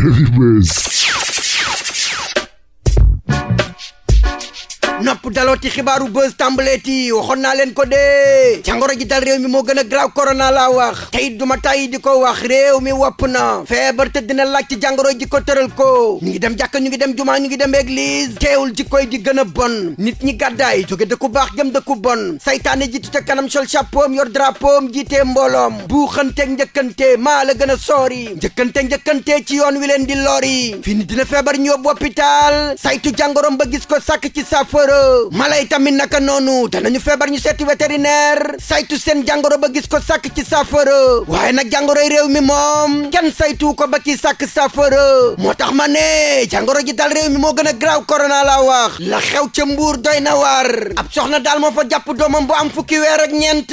Heavyweight nopp daloo ci xibaaru buzz tàmbaleeti waxoon naa leen ko dee jàngoro ji dal réew mi moo gën a graaw corona laa wax tey duma tàyyi di ko wax réew mi wopp na feebar te dina laaj ci jàngoro ji ko tëral ko ñu ngi dem jàkka ñu ngi dem jumaa ñu ngi dem église teewul ji koy di gën a bon nit ñi gàddaay jóge dëkku baax jëm dëkku bon saytaane jiitu ca kanam sol chapeau am yor drapeau am jiitee mbooloom buuxanteeg njëkkante maa la gën a soori njëkkante njëkkante ci yoon wi leen di lori fi feebar ñu yóbbu hôpital saytu jàngoroom ba gis ko sàkk ci saafara saafara mala yi tamit naka noonu danañu feebar ñu seeti vétérinaire saytu seen jàngoro ba gis ko sàkk ci saafara waaye nag jàngoroy réew mi moom kenn saytu ko ba ci sàkk saafara moo tax ma ne jàngoro ji dal réew mi moo gën a graaw corona laa wax la xew ca mbuur doy na waar ab soxna daal moo fa jàpp doomam bu am fukki weer ak ñeent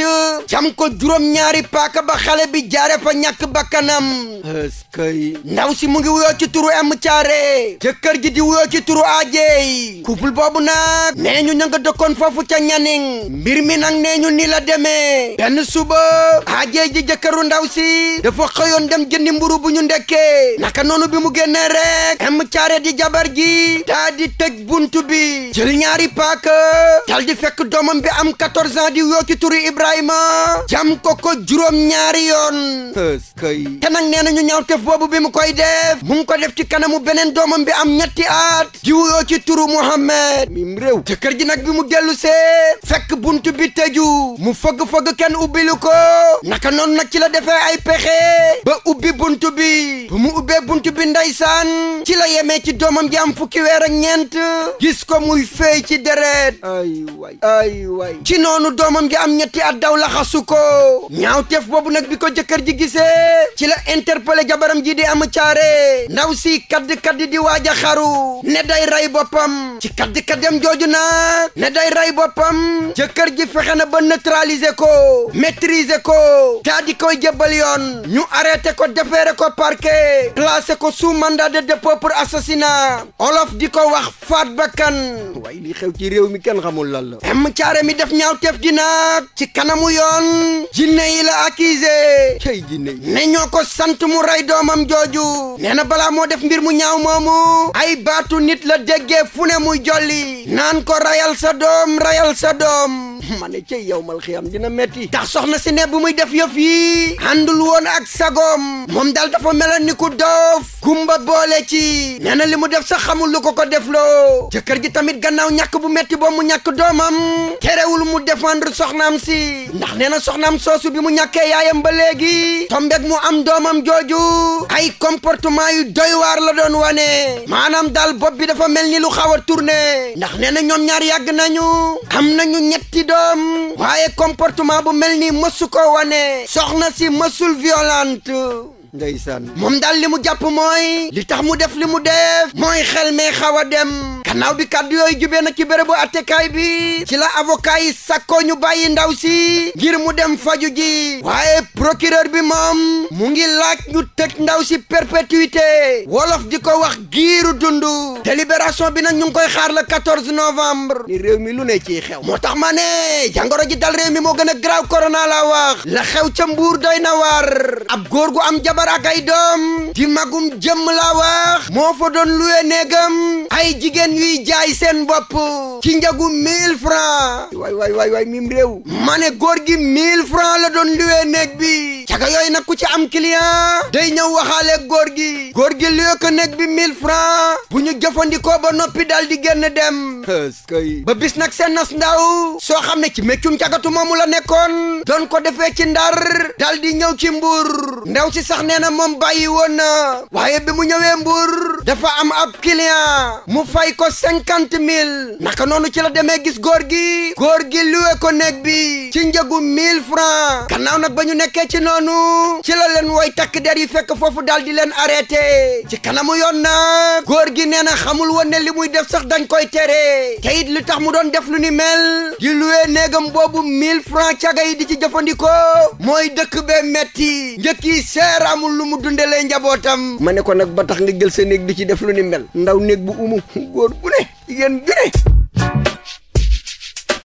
jam ko juróom-ñaari paaka ba xale bi jaare fa ñàkk bakkanam eskay ndaw si mu ngi wuyoo ci turu am caare jëkkër ji di wuyoo ci turu ajeey nag nee ñu ña nga dëkkoon foofu ca ñaning mbir mi nag nee ñu ni la demee benn suba aajee ji jëkkëru ndaw si dafa xëyoon dem jëndi mburu bu ñu ndekkee naka noonu bi mu génnee rek em caare di jabar ji daa di tëj buntu bi jël ñaari paaka dal di fekk doomam bi am 14 ans di woo ci turu Ibrahima jam ko ko juróom ñaari yoon te nag nee na ñu ñaaw bi mu koy def mu ko def ci kanamu beneen doomam bi am ñetti at di woo ci xew jëkkër ji nag bi mu gellu see fekk bunt bi tëju mu fog fog kenn ubbilu ko naka noonu nag ci la defee ay pexe ba ubbi bunt bi bu mu ubbee bunt bi ndeysaan ci la yemee ci doomam ji am fukki weer ak ñeent gis ko muy feey ci deret ci noonu doomam ji am ñetti at daw la xasu ko boobu nag bi ko jëkkër ji gisee ci la interpellé jabaram ji di am caare ndaw si kadd kadd di waaj xaru ne day rey boppam ci kadd kaddam jooju na ne day rey boppam jëkkër ji fexe na ba neutraliser ko maîtriser ko daa di koy jëbal yoon ñu arrêté ko defeere ko parquet placé ko sous mandat de dépôt pour assassinat olof di ko wax faat bakkan waaye xew ci réew mi kenn xamul lan la em caare mi def ñaaw teef di ci kanamu yoon jinne yi la accusé cey ñoo ko sant mu rey doomam jooju nee na balaa moo def mbir mu ñaaw moomu ay baatu nit la déggee fu ne muy jolli naan naan ko rayal sa doom rayal sa doom ma ne cey yow mal xiyam dina metti tax soxna si ne bu muy def yëf yi àndul woon ak sagoom moom daal dafa meloon ni ku doof kumba boole ci nee na li mu def sax xamul lu ko ko defloo jëkkër ji tamit gannaaw ñakk bu metti boo mu ñakk doomam terewul mu défendre soxnaam si ndax nee na soxnaam soosu bi mu ñàkkee yaayam ba léegi tombeeg mu am doomam jooju ay comportement yu doy waar la doon wane maanaam daal bopp bi dafa mel ni lu a ñoom ñaar yàgg nañu am nañu ñetti doom waaye comportement bu mel ni mësu ko wane soxna si mësul violente ndeysaan moom daal li mu jàpp mooy li tax mu def li mu def mooy xel mee xaw dem gannaaw bi kàddu yooyu jubee na ci bérébu attekaay bi ci la avocat yi sakko ñu bàyyi ndaw si ngir mu dem faju ji waaye procureur bi moom mu ngi laaj ñu tëj ndaw si perpétuité wolof di ko wax giiru dund délibération bi nag ñu ngi koy xaar la 14 novembre ni réew mi lu ne ciy xew moo tax ma ne jàngoro ji dal réew mi moo gën a graaw korona la wax la xew ca mbuur day na war ab góor gu am jabar ak ay doom di magum jëmm la wax moo fa doon luwe néegam ay jigéen ñuy jaay seen bopp ci njëgu 1000 francs waay waay waay waay mim góor gi 1000 la doon luwee néeg bi caga yooyu nag ku ci am client day ñëw waxaale góor gi góor gi lu ko nekk bi 1000 francs bu ñu jëfandikoo ba noppi daal di génn dem eskay ba bis nag seen nas ndaw soo xam ne ci méccum cagatu moomu la nekkoon doon ko defee ci ndar daal ñëw ci mbuur ndaw si sax nee na moom bàyyi woon na waaye bi mu ñëwee mbuur dafa am ab client mu fay ko cinquante mille naka noonu ci la demee gis góor gi góor gi luwe ko nekk bi ci njëgu mille francs gannaaw nag ba ñu nekkee ci noonu noonu ci la leen woy takk der yi fekk foofu daal di leen arrêté ci kanamu yoon nag góor gi nee na xamul woon li muy def sax dañ koy tere te it li tax mu doon def lu ni mel di luwee néegam boobu 1000 francs caga yi di ci jëfandikoo mooy dëkk bee metti njëkk yi seer amul lu mu dundalee njabootam ma ne ko nag ba tax nga jël sa néeg di ci def lu ni mel ndaw néeg bu umu góor bu ne jigéen bu ne